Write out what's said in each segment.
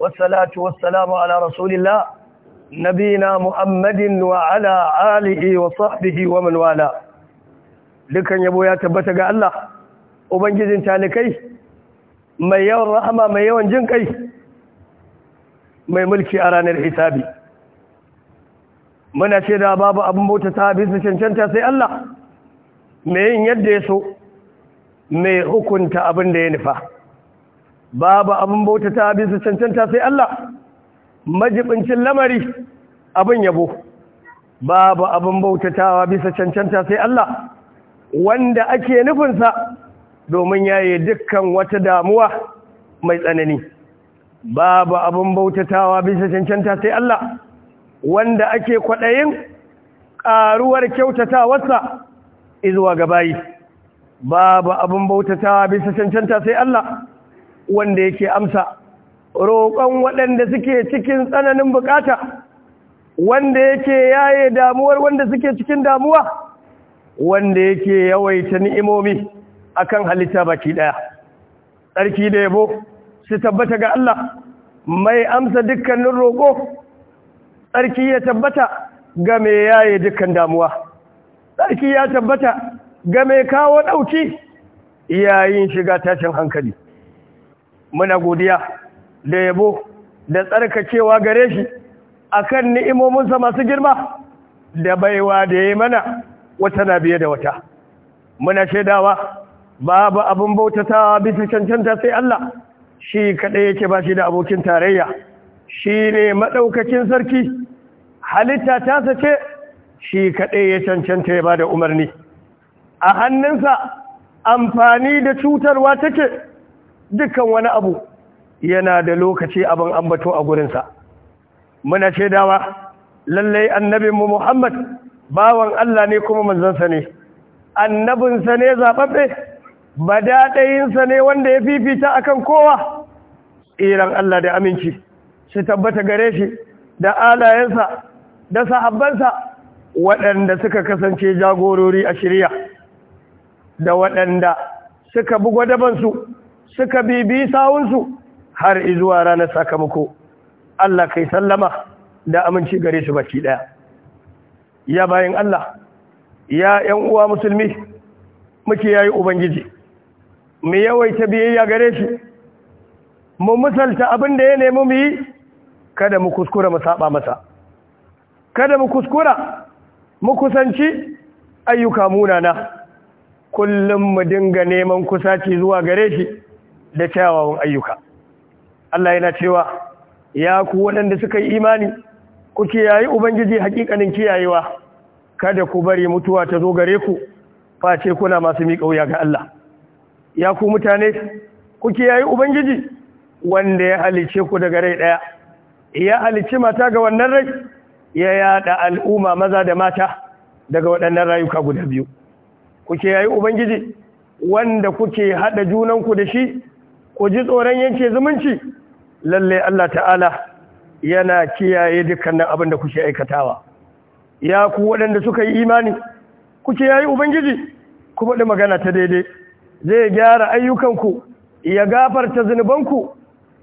والصلاة والسلام على Rasulillah, الله نبينا محمد وعلى آله وصحبه ومن والاه dukan yabo ya tabbata ga Allah ubangijin talikai mai yawan rahama mai yawan jin mai mulki a ranar hisabi muna ce babu abin bauta ta bisa cancanta sai Allah mai yin yadda ya so mai hukunta abin da ya nufa babu abin bauta ta bisa cancanta sai Allah majibincin lamari abin yabo babu abin bauta bautatawa bisa cancanta sai Allah wanda ake nufinsa domin yaye dukkan wata damuwa mai tsanani babu abin bauta ta bisa cancanta sai Allah wanda ake kwaɗayin ƙaruwar kyautatawarsa izuwa gabayi babu abin ta bisa cancanta sai Allah wanda yake amsa roƙon waɗanda suke cikin tsananin bukata wanda yake yaye damuwar wanda suke cikin damuwa wanda yake yawaita ni'imomi akan halitta baki ɗaya. tsarki da yabo su tabbata ga Allah mai amsa dukkanin roƙo tsarki ya tabbata ga mai yaye dukkan damuwa tsarki ya tabbata ga mai kawo ɗauki yayin shiga tashin hankali muna godiya da yabo da tsarkakewa gare shi akan ni'imominsa masu girma da baiwa da ya mana wata na biye da wata muna shaidawa babu abin bautatawa bisa cancanta sai Allah shi kaɗai yake ba shi da abokin tarayya shi ne maɗaukacin sarki halitta tasa ce shi kaɗai ya cancanta ya ba da umarni a hannunsa amfani da cutarwa take dukkan wani abu yana da lokaci abin ambato a gurinsa muna ce dawa lallai annabinmu muhammad bawan allah ne kuma manzansa ne annabinsa ne zaɓaɓɓe badaɗayinsa ne wanda ya fifita a kan kowa iran allah da aminci su tabbata gare shi da alayensa da sahabbansa waɗanda suka kasance jagorori a shirya da waɗanda suka bugwa dabansu. suka bibi sawunsu har izuwa ranar sakamako Allah kai sallama da aminci gare su baki daya ya bayan Allah ya 'yan uwa musulmi muke yayi ubangiji mu yawaita biyayya gare shi mu musalta abin da ya nemi mu yi kada mu kuskura mu saba masa kada mu kuskura mu kusanci ayyuka munana kullum mu dinga neman kusaci zuwa gare shi da kyawawan ayyuka Allah yana cewa ya ku waɗanda suka yi imani ku kiyaye ubangiji hakikanin kiyayewa kada ku bari mutuwa ta zo gare ku face kuna masu miƙa wuya ga Allah ya ku mutane ku kiyaye ubangiji wanda ya halice ku daga rai ɗaya ya halice mata ga wannan rai ya yada al'umma maza da mata daga waɗannan rayuka guda biyu ku kiyaye ubangiji wanda kuke haɗa junanku da shi ku ji tsoron yanke zumunci lalle Allah ta'ala yana kiyaye dukkanin abin da kuke aikatawa ya ku waɗanda suka yi imani kuke yayi ubangiji ku faɗi magana ta daidai zai gyara ayyukanku ya gafarta zunubanku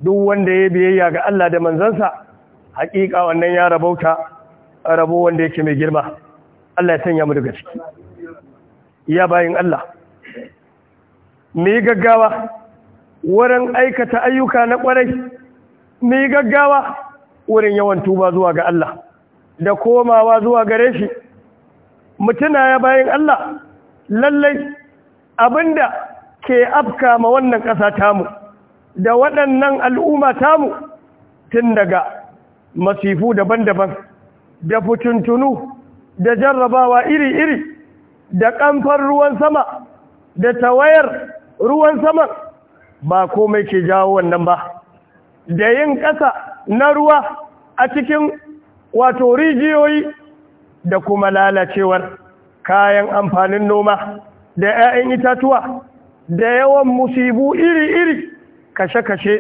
duk wanda ya biyayya ga Allah da manzansa haƙiƙa wannan ya rabauta rabo wanda yake mai girma Allah ya sanya mu daga ciki ya bayin Allah mu gaggawa wurin aikata ayyuka na ƙwarai mu yi gaggawa wurin yawan tuba zuwa ga Allah da komawa zuwa gare shi mutuna ya bayan Allah lallai abinda ke afka ma wannan ƙasa tamu da waɗannan al'umma tamu tun daga masifu daban-daban da fituntunu da jarrabawa iri-iri da ƙamfar ruwan sama da tawayar ruwan saman ba komai ke jawo wannan ba da yin ƙasa na ruwa a cikin wato rijiyoyi da kuma lalacewar kayan amfanin noma da 'ya'yan itatuwa da yawan musibu iri-iri kashe-kashe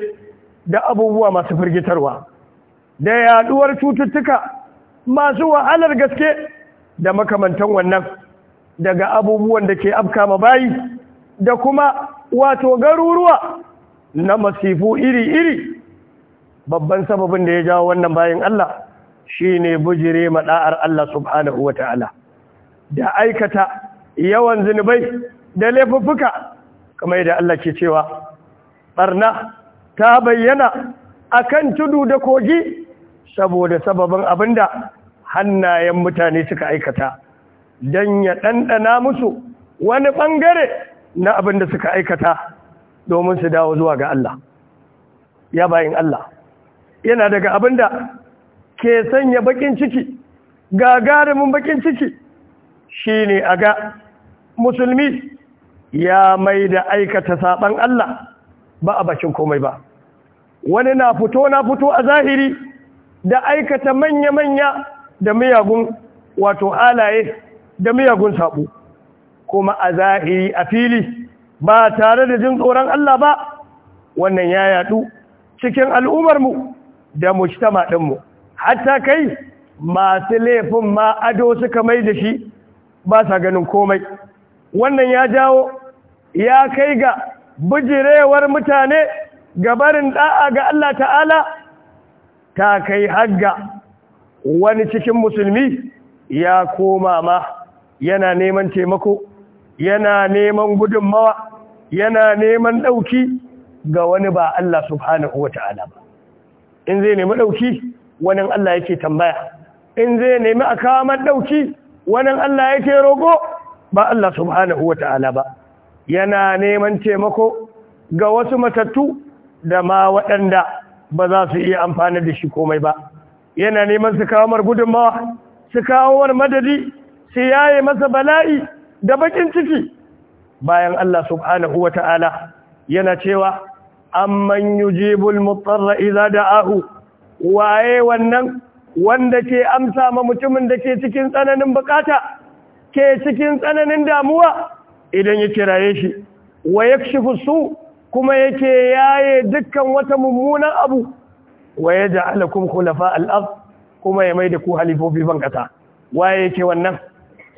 da abubuwa masu firgitarwa da yaɗuwar cututtuka masu wahalar gaske da makamantan wannan daga abubuwan da ke afkama bayi da kuma wato garuruwa na masifu iri-iri babban sababin da ya jawo wannan bayan Allah shi ne bujire maɗa'ar Allah subhanahu Ta'ala. da aikata yawan zunubai da laifuffuka kamar da Allah ke cewa ɓarna ta bayyana akan tudu da kogi saboda sababin da hannayen mutane suka aikata don ya ɗanɗana musu wani ɓangare na abin da suka aikata domin su dawo zuwa ga Allah ya bayin Allah yana daga abin da ke sanya bakin ciki gagarumin bakin ciki shi ne a ga musulmi ya mai da aikata saɓan Allah ba a bakin komai ba wani na fito na fito a zahiri da aikata manya-manya da miyagun wato halaye da miyagun saɓo kuma a zahiri a fili ba tare da jin tsoron Allah ba wannan ya yadu cikin mu da mujtama mu. hatta kai masu laifin ma ado suka mai da shi ba sa ganin komai wannan ya jawo ya kai ga bijirewar mutane gabarin da'a ga Allah ta'ala ta kai hagga wani cikin musulmi ya koma ma yana neman taimako yana neman gudunmawa yana neman ɗauki ga wani ba Allah subhanahu wata'ala ba in zai nemi ɗauki wani Allah yake tambaya in zai nemi a kamar ɗauki wani Allah yake rogo ba Allah subhanahu wata'ala ba yana neman taimako ga wasu matattu da ma waɗanda ba za su iya amfani da shi komai ba yana neman su kawo mar gudunmawa su kawo mar madadi su yaye masa bala'i da bakin ciki bayan Allah subhanahu Ta'ala yana cewa amman yujibul mutarra idza da'ahu waye wannan wanda ke amsa ma mutumin da ke cikin tsananin bukata ke cikin tsananin damuwa idan ya kiraye shi wa yakshifu su kuma yake yaye dukkan wata mummunan abu wa yaj'alukum khulafa al-ard kuma ya maida ku halifofi ban kasa waye yake wannan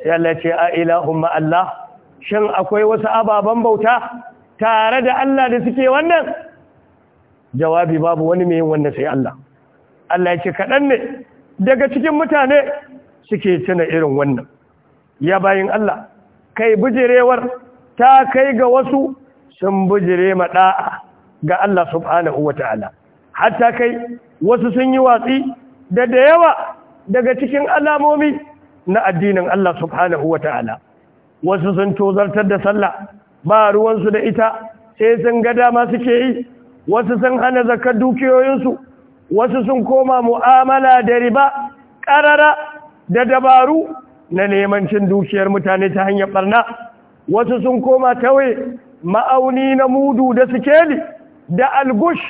yalla ce a ilahun Allah shin akwai wasu ababen bauta tare da Allah da suke wannan jawabi babu wani mai yin wannan sai Allah Allah ce kaɗan ne daga cikin mutane suke tuna irin wannan ya bayin Allah kai bijirewar ta kai ga wasu sun bujire maɗa'a ga Allah subhanahu wa ta'ala hatta kai wasu sun yi watsi da da yawa daga cikin alamomi na addinin Allah subhanahu wa ta'ala wasu sun tozartar da sallah ba ruwansu da ita sai sun ga dama suke yi wasu sun hana zakar dukiyoyinsu wasu sun koma mu'amala da riba ƙarara da dabaru na neman cin dukiyar mutane ta hanyar barna wasu sun koma tawaye ma'auni na mudu da sikeli da algush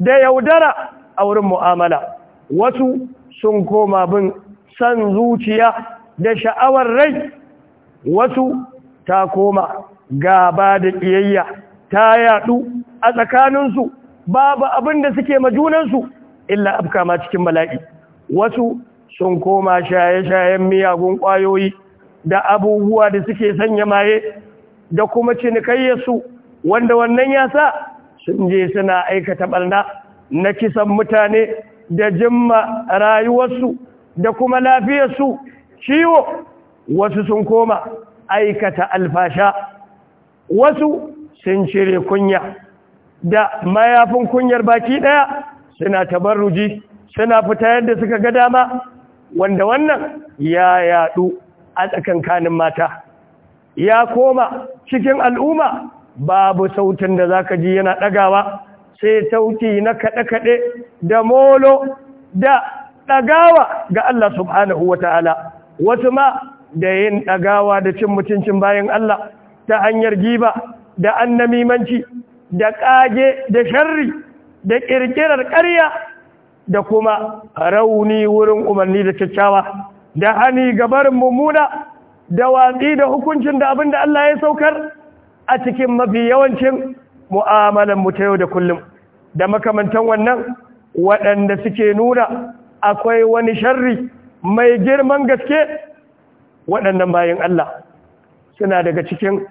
da yaudara a wurin mu'amala wasu sun koma bin san zuciya da sha'awar rai wasu ta koma gaba da ƙiyayya ta yadu a tsakaninsu babu abin da suke majunansu illa abka ma cikin mala'i. wasu sun koma shaye-shayen miyagun ƙwayoyi da abubuwa da suke sanya maye da kuma cinikayyarsu wanda wannan ya sa sun je suna aikata ɓarna na kisan mutane da jimma rayuwarsu da kuma lafiyarsu ciwo wasu sun koma aikata alfasha wasu sun cire kunya da mayafin kunyar baki daya suna tabarruji suna fita yadda suka ga dama wanda wannan ya yadu a tsakankanin mata ya koma cikin al'umma babu sautin da zaka ji yana dagawa sai tauki na kaɗe-kaɗe da molo da ɗagawa ga Allah subhanahu wa wasu ma da yin ɗagawa da cin mutuncin bayan Allah ta hanyar giba da annamimanci da ƙage da sharri da ƙirƙirar ƙarya da kuma rauni wurin umarni da kyakkyawa da hani gabarin mummuna da watsi da hukuncin da abin da Allah ya saukar a cikin mafi yawancin mu'amalan mu ta yau da kullum da makamantan wannan waɗanda suke nuna akwai wani sharri mai girman gaske waɗannan bayan Allah suna daga cikin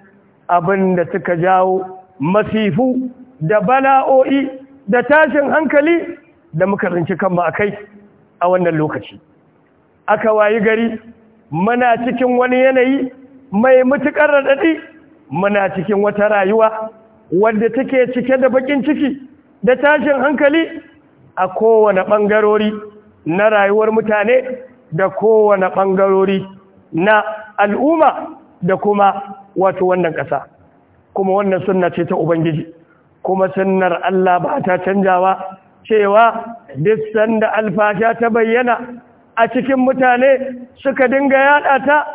abin da suka jawo masifu da bala'o'i da tashin hankali da muka rinci kanmu a kai a wannan lokaci aka wayi gari muna cikin wani yanayi mai mutukar raɗaɗi muna cikin wata rayuwa wanda take cike da bakin ciki da tashin hankali a kowane ɓangarori na rayuwar mutane da kowane ɓangarori na al'umma da kuma wato wannan ƙasa kuma wannan sunna ce ta ubangiji kuma sunnar Allah ba ta canjawa cewa duk sanda alfasha ta bayyana a cikin mutane suka dinga yada ta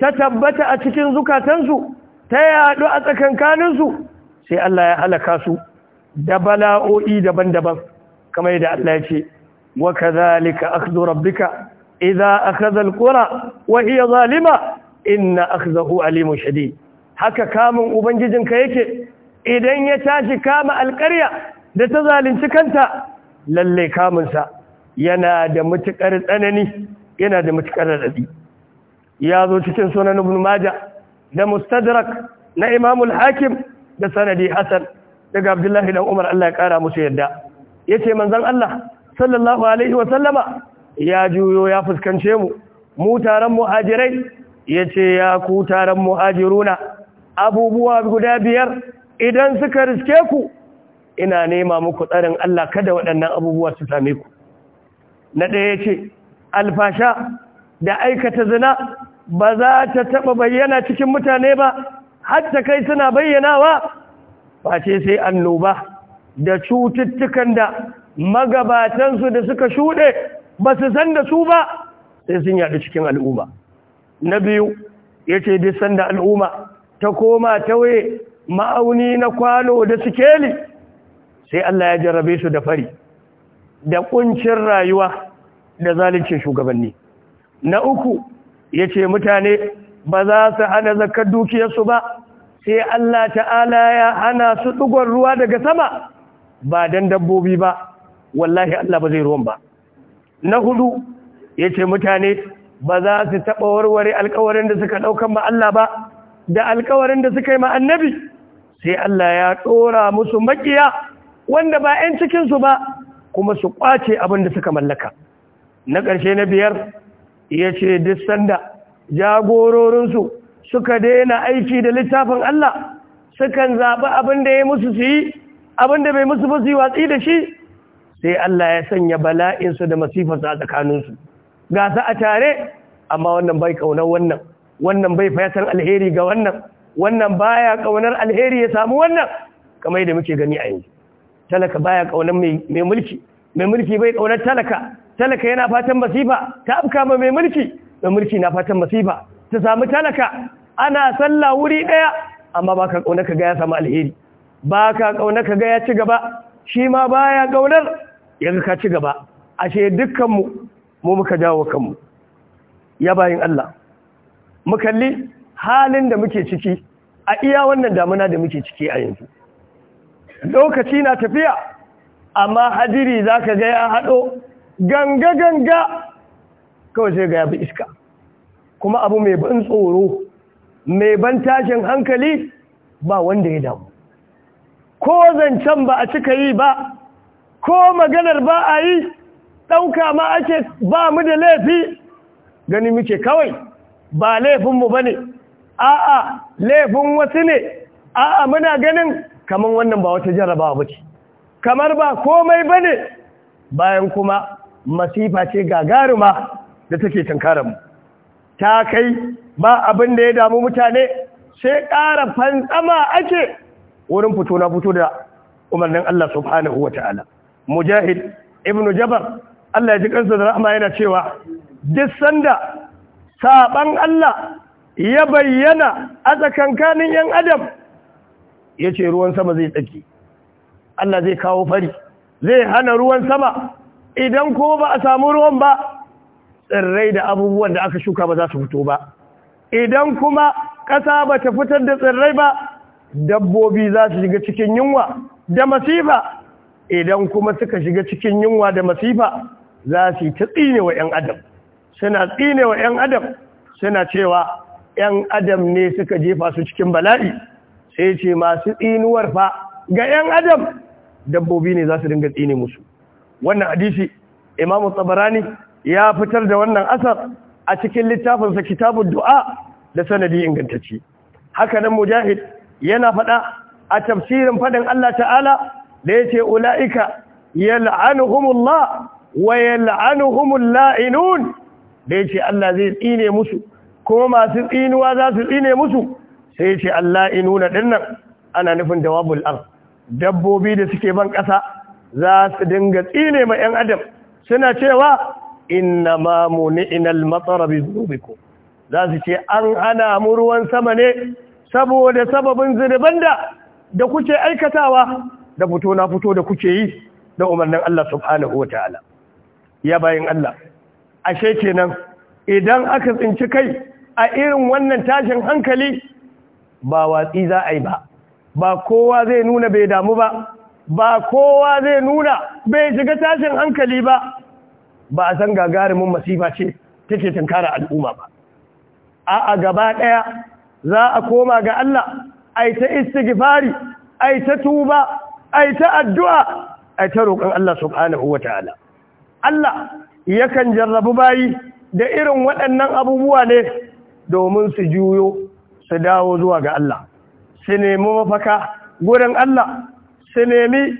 ta tabbata a cikin zukatansu ta yadu a tsakankaninsu sai Allah ya halaka su da bala'o'i daban-daban kamar yadda Allah ya ce wa kadhalika akhdhu rabbika إذا أخذ القرى وهي ظالمة إن أخذه عليم شديد حكا كام أبنجز كيك إذا يتاج كام القرية لتظالم سكنتا للي كام سا ينادى متكرر أنني ينادى متكرر أدي يا ذو تكن سنن ابن ماجه ده مستدرك نا إمام الحاكم ده حسن لقى عبد الله بن عمر الله كان مسيدا يتي منزل الله صلى الله عليه وسلم ya juyo ya fuskance mu mu taron muhajirai yace ya ku taron muhajiruna abubuwa guda biyar idan suka riske ku ina nema muku tsarin Allah kada waɗannan abubuwa su same ku na ɗaya ce alfasha da aikata zina ba za ta taɓa bayyana cikin mutane ba Har ta kai suna bayyanawa face sai annoba da cututtukan da magabatansu da suka shuɗe ba su san da su ba sai sun yaɗu cikin al'umma na biyu ya ce duk da al'umma ta koma tawaye ma'auni na kwano da sikeli sai Allah ya jarrabe su da fari da ƙuncin rayuwa da zalicin shugabanni na uku ya ce mutane ba za su hana zakar dukiyarsu ba sai Allah ta'ala ya hana su ɗugon ruwa daga sama ba don dabbobi ba wallahi Allah ba zai ruwan ba na hudu ya ce mutane ba za su taɓa warware alkawarin da suka ɗaukan ma Allah ba da alkawarin da suka yi ma annabi sai Allah ya ɗora musu makiya wanda ba 'yan cikinsu ba kuma su ƙwace abin da suka mallaka na ƙarshe na biyar ya ce duk sanda jagororinsu suka daina aiki da littafin Allah sukan zaɓi abin da ya musu su yi abin da bai musu ba su yi watsi da shi sai Allah ya sanya bala'insu da masifarsu a tsakaninsu ga su a tare amma wannan bai kaunar wannan wannan bai fayatar alheri ga wannan wannan baya kaunar alheri ya samu wannan kamar da muke gani a yanzu talaka baya kaunar mai mulki mai mulki bai kaunar talaka talaka yana fatan masifa ta afka ma mai mulki mai mulki na fatan masifa ta samu talaka ana sallah wuri ɗaya. amma baka ka ga ya samu alheri baka ka ga ya ci gaba shi ma baya kaunar yanzu ka ci gaba ashe dukkanmu mu muka jawo kanmu ya bayin Allah mu kalli halin da muke ciki a iya wannan damuna da muke ciki a yanzu lokaci na tafiya amma hadiri zaka ga ya haɗo ganga ganga kawai sai ga ya iska kuma abu mai ban tsoro mai ban tashin hankali ba wanda ya damu ko zancen ba a cika yi ba ko maganar ba a yi ɗauka ma ake ba mu da laifi gani muke kawai ba laifinmu ba ne a'a laifin wasu ne a'a muna ganin kamar wannan ba wata jarrabawa ba ce kamar ba komai ba ne bayan kuma masifa ce gagaruma da take mu ta kai ba abin da ya damu mutane sai ƙara fantsama ake wurin fito na fito da umarnin Allah subhanahu wa ta'ala mujahid ibn jabar Allah ya ji kansa da rahama yana cewa duk sanda saban Allah ya bayyana a tsakankanin yan adam ya ce ruwan sama zai tsaki Allah zai kawo fari zai hana ruwan sama idan ko ba a samu ruwan ba tsirrai da abubuwan da aka shuka ba za su fito ba idan kuma ƙasa ba ta fitar da tsirrai ba dabbobi za su shiga cikin yunwa da masifa idan kuma suka shiga cikin yunwa da masifa za su ta tsine wa 'yan adam suna tsine wa 'yan adam suna cewa 'yan adam ne suka jefa su cikin bala'i sai ce masu tsinuwar fa ga 'yan adam dabbobi ne za su dinga tsine musu wannan hadisi imamu tsabarani ya fitar da wannan asar a cikin littafinsa kitabun du'a da sanadi ingantacci haka nan mujahid yana faɗa a tafsirin faɗin Allah ta'ala da yace ulaika yal'anuhumullah wa yal'anuhumul la'inun da yace Allah zai tsine musu kuma masu tsinuwa za su tsine musu sai allah inuna dinnan ana nufin jawabul ar dabbobi da suke ban ƙasa za su dinga tsine ma yan adam suna cewa inna ma muni'inal ni'inal bi zubikum za su ce an hana mu ruwan sama ne saboda sababin zunuban da da kuke aikatawa da fito na fito da kuke yi da umarnin Allah subhanahu wa ta'ala ya bayin Allah ashe kenan idan aka tsinci kai a irin wannan tashin hankali ba watsi za a yi ba ba kowa zai nuna bai damu ba ba kowa zai nuna bai shiga tashin hankali ba ba a san gagarumin masifa ce take tunkara al'umma ba a a gaba ɗaya za a koma ga Allah ai ta istighfari ai ta tuba ai ta addu'a ai ta roƙon Allah subhanahu wataala Allah yakan jarrabu bayi da irin waɗannan abubuwa ne domin su juyo su dawo zuwa ga Allah su nemi mafaka gurin Allah su nemi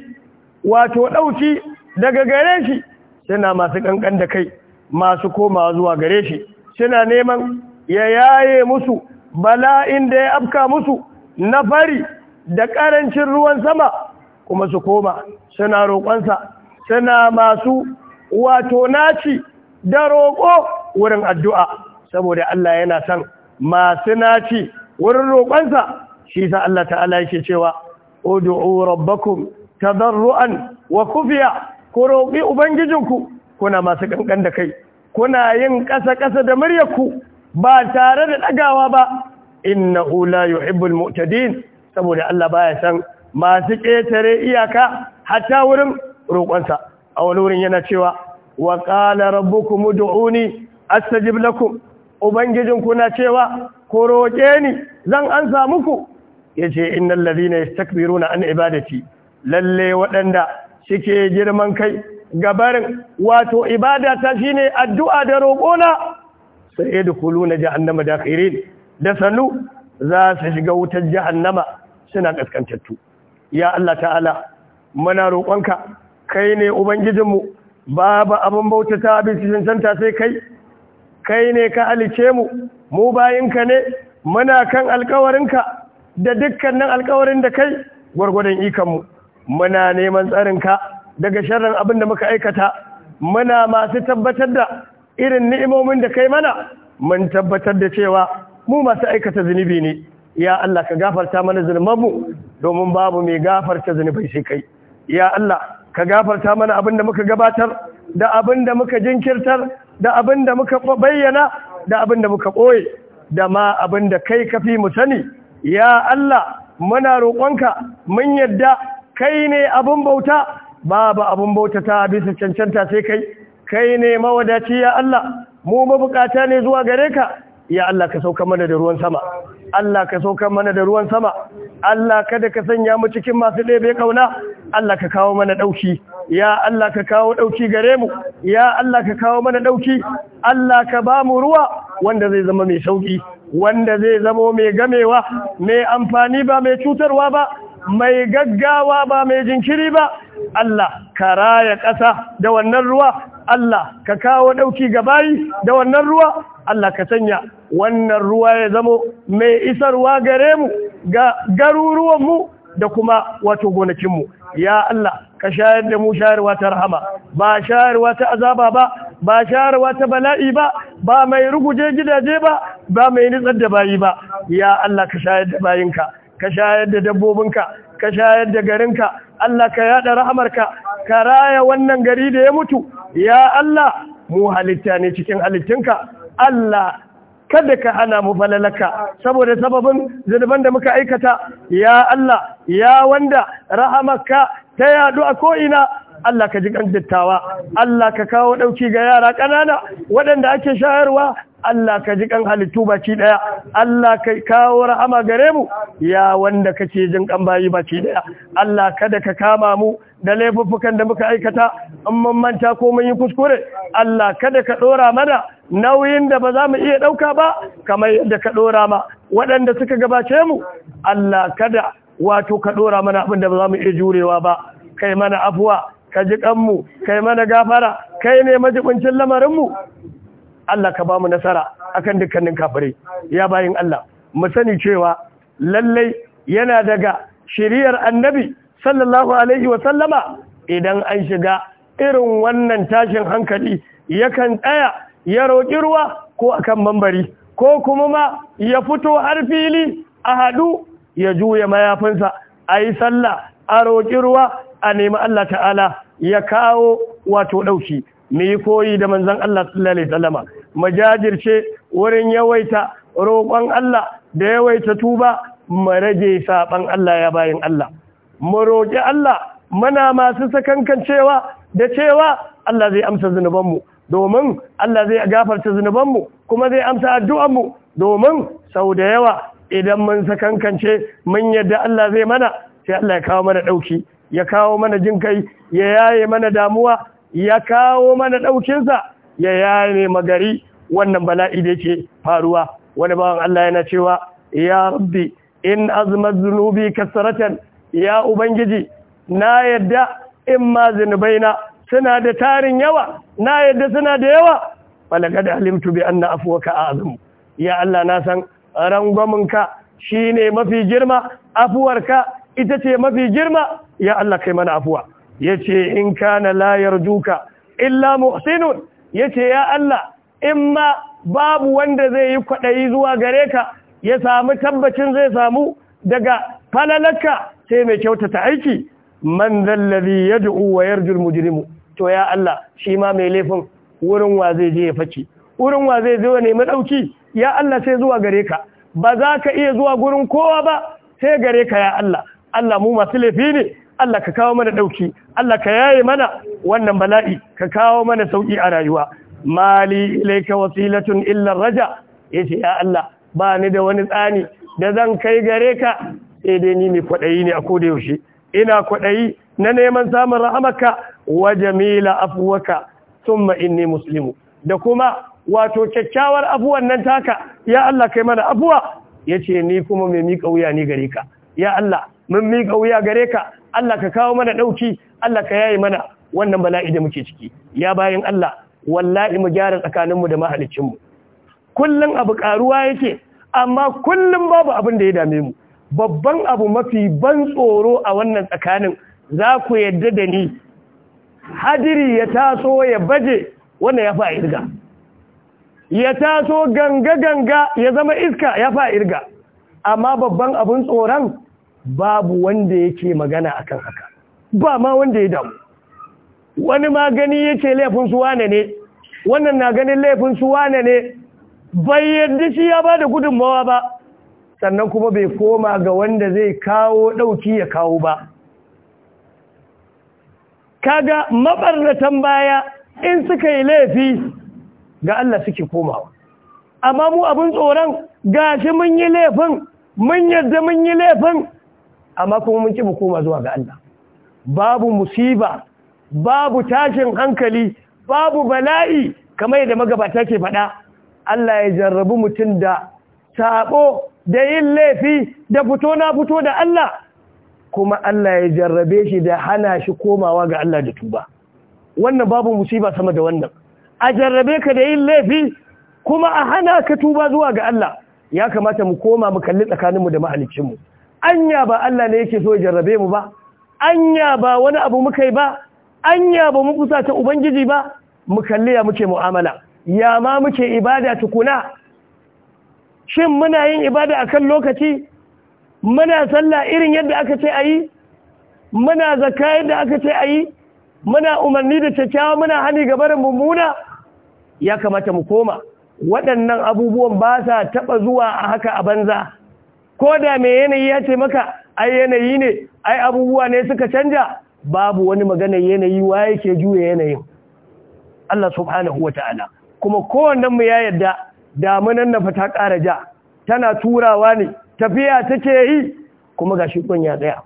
wato ɗauki daga gare shi suna masu ƙanƙan da kai masu komawa zuwa gare shi suna neman ya yaye musu bala'in da ya afka musu na fari da ƙarancin ruwan sama kuma su koma suna roƙonsa suna masu wato naci da roƙo wurin addu'a saboda Allah yana son masu naci wurin roƙonsa shi sa Allah ta'ala yake cewa ta rabbakum tadarruan wa kufiya ku roƙi ubangijinku kuna masu ƙanƙan da kai kuna yin ƙasa-ƙasa da muryarku ba tare da ɗagawa ba Inna ula yuhibbul mu'tadin saboda Allah baya san masu ƙetare iyaka hatta wurin roƙonsa a wani wurin yana cewa wa ku rabbukum ud'uni astajib lakum ubangijin kuna cewa ko roƙe ni zan an Ya ansa muku yace ya takbiru na an ibadati lalle waɗanda suke girman kai gabarin wato ibada ta shine addu'a da roƙona sai da na jahannama da da sannu za su shiga wutar jahannama suna ƙasƙantattu. ya Allah ta'ala muna roƙonka kai ne ubangijinmu babu abin bautata bisa cancanta sai kai kai ne ka alice mu mu bayinka ne muna kan alkawarinka da dukkanin alkawarin da kai gwargwadon ikanmu muna neman tsarinka daga sharar abin da muka aikata muna masu tabbatar da irin ni'imomin da kai mana mun tabbatar da cewa mu masu aikata zunubi ne ya Allah ka gafarta mana zunubanmu domin babu mai gafarta zunubai sai kai ya Allah ka gafarta mana abin da muka gabatar da abin da muka jinkirtar da abin da muka bayyana da abin da muka ɓoye da ma abin da kai kafi mu sani ya Allah muna roƙonka mun yadda kai ne abin bauta babu abin bauta ta bisa cancanta sai kai kai ne mawadaci ya Allah mu mabukata ne zuwa gare ka ya Allah ka sauka mana da ruwan sama Allah ka sauka mana da ruwan sama Allah kada ka sanya mu cikin masu ɗebe kauna Allah ka kawo mana ɗauki ya Allah ka kawo ɗauki gare mu ya Allah ka kawo mana ɗauki Allah ka ba mu ruwa wanda zai zama mai sauƙi wanda zai zama mai gamewa mai amfani ba mai cutarwa ba mai gaggawa ba mai jinkiri ba Allah ka raya ƙasa da wannan ruwa Allah ka kawo ɗauki ga bayi da wannan ruwa Allah ka sanya wannan ruwa ya zamo mai isarwa gare mu ga garuruwanmu da kuma wato gonakinmu ya Allah ka shayar da mu shayarwa ta rahama ba shayarwa ta azaba ba ba shayarwa ta bala'i ba ba mai ruguje gidaje ba ba mai nitsar da bayi ba ya Allah ka shayar da bayinka ka shayar da dabbobinka ka shayar da garinka Allah ka yada rahamarka ka raya wannan gari da ya mutu ya Allah mu halitta ne cikin halittunka Allah kada ka hana mu falalaka saboda sababin zunuban da muka aikata ya Allah ya wanda rahamaka ta yadu a ko'ina Allah ka ji kan dattawa Allah ka kawo dauki ga yara ƙanana waɗanda ake shayarwa Allah ka ji kan halittu baki ɗaya. Allah ka kawo rahama gare mu ya wanda kake jin kan bayi baki ɗaya. Allah kada ka kama mu da laifuffukan da muka aikata in mun manta ko mun yi kuskure Allah kada ka ɗora mana nauyin da ba za mu iya ɗauka ba kamar yadda ka ɗora ma waɗanda suka gabace mu Allah kada wato ka ɗora mana abin da ba za mu iya jurewa ba kai mana afuwa ka ji kanmu kai mana gafara kai ne majibincin lamarinmu Allah ka ba mu nasara akan dukkanin kafirai ya bayin Allah mu sani cewa lallai yana daga shiriyar annabi sallallahu alaihi wa sallama idan an shiga irin wannan tashin hankali yakan tsaya ya roƙi ruwa ko akan mambari ko kuma ma ya fito har fili a haɗu ya juya mayafinsa a yi sallah a roƙi ruwa a nemi Allah ta'ala ya kawo wato ɗauki mai yi koyi da manzan Allah tsallale alaihi wasallama majajirce wurin yawaita roƙon Allah da yawaita tuba mu rage saɓan Allah ya bayan Allah mu roƙi Allah muna masu sakankan cewa da cewa Allah zai amsa zunubanmu domin Allah zai gafarta zunubanmu kuma zai amsa addu'anmu domin sau da yawa idan mun sakankance mun yadda Allah zai mana sai Allah ya kawo mana ɗauki ya kawo mana jin kai ya yaye mana damuwa ya kawo mana ɗaukinsa ya yaye magari wannan bala'i da yake faruwa wani bawan Allah yana cewa ya rabbi in azuman zunubi kasaratan ya ubangiji na yadda in ma zunubai na. suna da tarin yawa na yadda suna da yawa falaka da halimtu bi anna afwaka azum ya Allah na san rangwaminka shine mafi girma afuwarka ita ce mafi girma ya Allah kai mana afuwa yace in kana la yarjuka illa muhsinun yace ya Allah in ma babu wanda zai yi kwadayi zuwa gare ka ya samu tabbacin zai samu daga falalaka sai mai kyautata aiki man zallazi yad'u wa yarjul mujrimu to ya Allah shi ma mai laifin wurin wa zai je ya fake wurin wa zai zo nemi dauki ya Allah sai zuwa gare ka ba za ka iya zuwa gurin kowa ba sai gare ka ya Allah Allah mu masu laifi ne Allah ka kawo mana dauki Allah ka yaye mana wannan bala'i ka kawo mana sauki a rayuwa mali ilaika wasilatun illa raja yace ya Allah ba ni da wani tsani da zan kai gare ka sai dai ni mai kwaɗayi ne a koda yaushe ina kwaɗayi na neman samun rahamaka wa jamila afwaka thumma inni muslimu da kuma wato kyakkyawar afuwan nan taka ya Allah kai mana afuwa yace ni kuma mai mika wuya ni gare ka ya Allah mun mika wuya gare ka Allah ka kawo mana dauki Allah ka yayi mana wannan bala'i da muke ciki ya bayan Allah wallahi mu gyara tsakaninmu da mahaliccinmu kullum abu karuwa yake amma kullum babu abin da ya dame mu babban abu mafi ban tsoro a wannan tsakanin za ku yadda da ni hadiri ya taso ya baje wannan ya fa irga ya taso ganga ganga ya zama iska ya fa irga amma babban abin tsoron babu wanda yake magana akan haka ba ma wanda ya damu wani ma gani yake laifin su wane ne wannan na ganin laifin su wane ne bai yadda shi ya ba da gudunmawa ba sannan kuma bai koma ga wanda zai kawo ɗauki ya kawo ba kaga mabarnatan baya in suka yi laifi ga Allah suke komawa amma mu abin tsoron gashi mun yi laifin mun yadda mun yi laifin amma kuma mun ki mu koma zuwa ga Allah babu musiba babu tashin hankali babu bala'i kamar yadda magabata ke faɗa Allah ya jarrabu mutum da saɓo da yin laifi da fito na fito da Allah kuma Allah ya jarrabe shi da hana shi komawa ga Allah da tuba wannan babu musiba sama da wannan a jarrabe ka da yin laifi kuma a hana ka tuba zuwa ga Allah ya kamata mu koma mu kalli tsakaninmu da mahalicinmu anya ba Allah ne yake so ya jarrabe mu ba anya ba wani abu muka yi ba anya ba mu kusa ta ubangiji ba mu kalli ya muke mu'amala ya ma muke ibada tukuna shin muna yin ibada akan lokaci muna sallah irin yadda aka ce a yi muna zaka yadda aka ce a yi muna umarni da kyakkyawa muna hani ga barin mummuna ya kamata mu koma waɗannan abubuwan ba sa taɓa zuwa a haka a banza ko da mai yanayi ya ce maka ai yanayi ne ai abubuwa ne suka canja babu wani magana yanayi wa yake juya yanayin Allah subhanahu wata'ala kuma kowannen mu ya yarda damunan na fata ƙara ja tana turawa ne tafiya take yi kuma ga shukun ya tsaya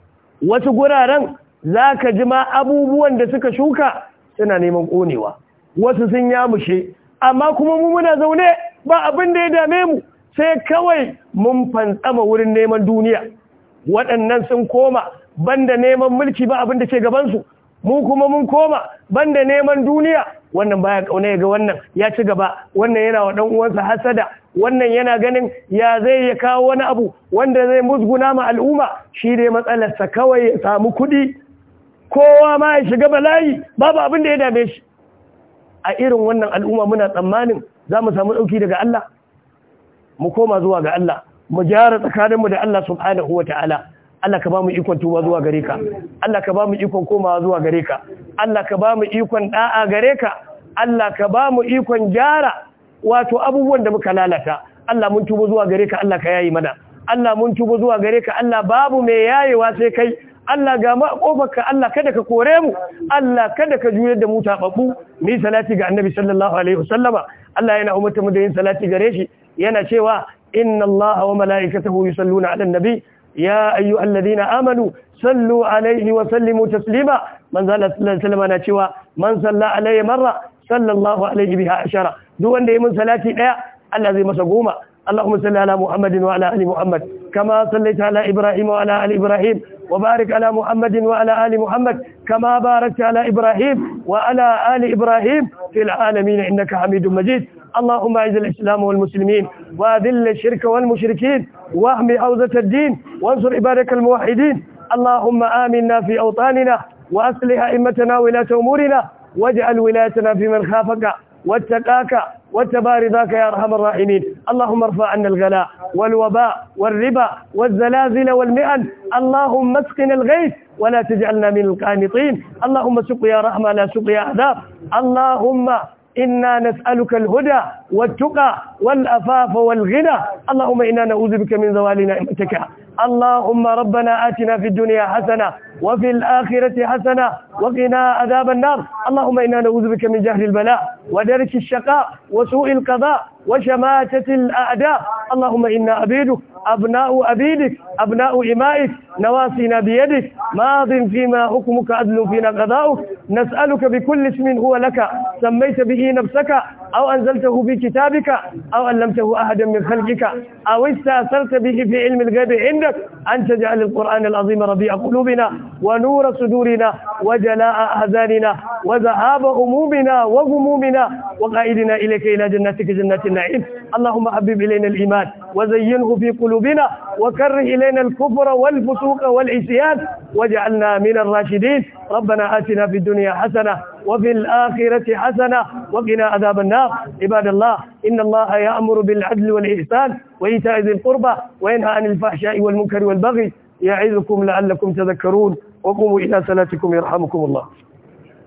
wasu guraren za ka ji ma abubuwan da suka shuka suna neman konewa wasu sun yamushe amma kuma mu muna zaune ba abin da ya dame mu sai kawai mun fantsama wurin neman duniya waɗannan sun koma banda neman mulki ba abin da ke gabansu mu kuma mun koma banda neman duniya wannan baya kauna ya ga wannan ya ci gaba wannan yana wa dan uwansa hasada wannan yana ganin ya zai ya kawo wani abu wanda zai musguna ma al'umma shi dai matsalarsa kawai ya samu kuɗi kowa ma ya shiga bala'i babu abin da ya dame shi a irin wannan al'umma muna tsammanin za mu samu ɗauki daga Allah mu koma zuwa ga Allah mu gyara tsakaninmu da Allah subhanahu wa ta'ala Allah ka ba mu ikon tuba zuwa gare ka Allah ka ba mu ikon komawa zuwa gare ka Allah ka ba mu ikon da'a gare ka Allah ka ba mu ikon gyara wato abubuwan da muka lalata Allah mun tuba zuwa gare ka Allah ka yayi mana Allah mun tuba zuwa gare ka Allah babu mai yayewa sai kai Allah ga maƙofarka Allah kada ka kore mu Allah kada ka juyar da mu taɓaɓɓu mu yi salati ga annabi sallallahu alaihi wasallama Allah yana umarta mu da yin salati gare shi yana cewa inna Allah wa mala'ikatahu yusalluna 'alan nabi ya ayyuhalladhina amanu sallu 'alaihi wa sallimu taslima manzo Allah sallallahu alaihi wasallama na cewa man salla alayya marra sallallahu alaihi biha ashara duk wanda ya min salati daya Allah zai اللهم صل على محمد وعلى ال محمد كما صليت على ابراهيم وعلى ال ابراهيم وبارك على محمد وعلى ال محمد كما باركت على ابراهيم وعلى ال ابراهيم في العالمين انك حميد مجيد اللهم اعز الاسلام والمسلمين واذل الشرك والمشركين واهم حوزه الدين وانصر عبادك الموحدين اللهم امنا في اوطاننا واصلح ائمتنا ولاة امورنا واجعل ولايتنا في من خافك واتقاك واتبار ذاك يا أرحم الراحمين اللهم ارفع عنا الغلاء والوباء والربا والزلازل والمئن اللهم اسقنا الغيث ولا تجعلنا من القانطين اللهم سقيا رحمة لا سقيا عذاب اللهم إنا نسألك الهدى والتقى والأفاف والغنى اللهم إنا نعوذ بك من زوال نعمتك اللهم ربنا آتنا في الدنيا حسنة وفي الآخرة حسنة وقنا عذاب النار اللهم إنا نعوذ بك من جهل البلاء ودرك الشقاء وسوء القضاء وشماتة الأعداء اللهم إنا عبيدك أبناء أبيدك أبناء إمائك نواصينا بيدك ماض فيما حكمك عدل فينا قضاؤك نسألك بكل اسم هو لك سميت به نفسك أو أنزلته في كتابك أو علمته أحدا من خلقك أو استأثرت به في علم الغيب عندك أن تجعل القرآن العظيم ربيع قلوبنا ونور صدورنا وجلاء أحزاننا وذهاب غمومنا وغمومنا وقائدنا إليك إلى جناتك جنات النعيم اللهم حبب إلينا الإيمان وزينه في قلوبنا وكره إلينا الكفر والفسوق والعصيان واجعلنا من الراشدين ربنا آتنا في الدنيا حسنة وفي الآخرة حسنة وقنا عذاب النار عباد الله إن الله يأمر بالعدل والإحسان وإيتاء ذي القربى وينهى عن الفحشاء والمنكر والبغي يعظكم لعلكم تذكرون وقوموا إلى صلاتكم يرحمكم الله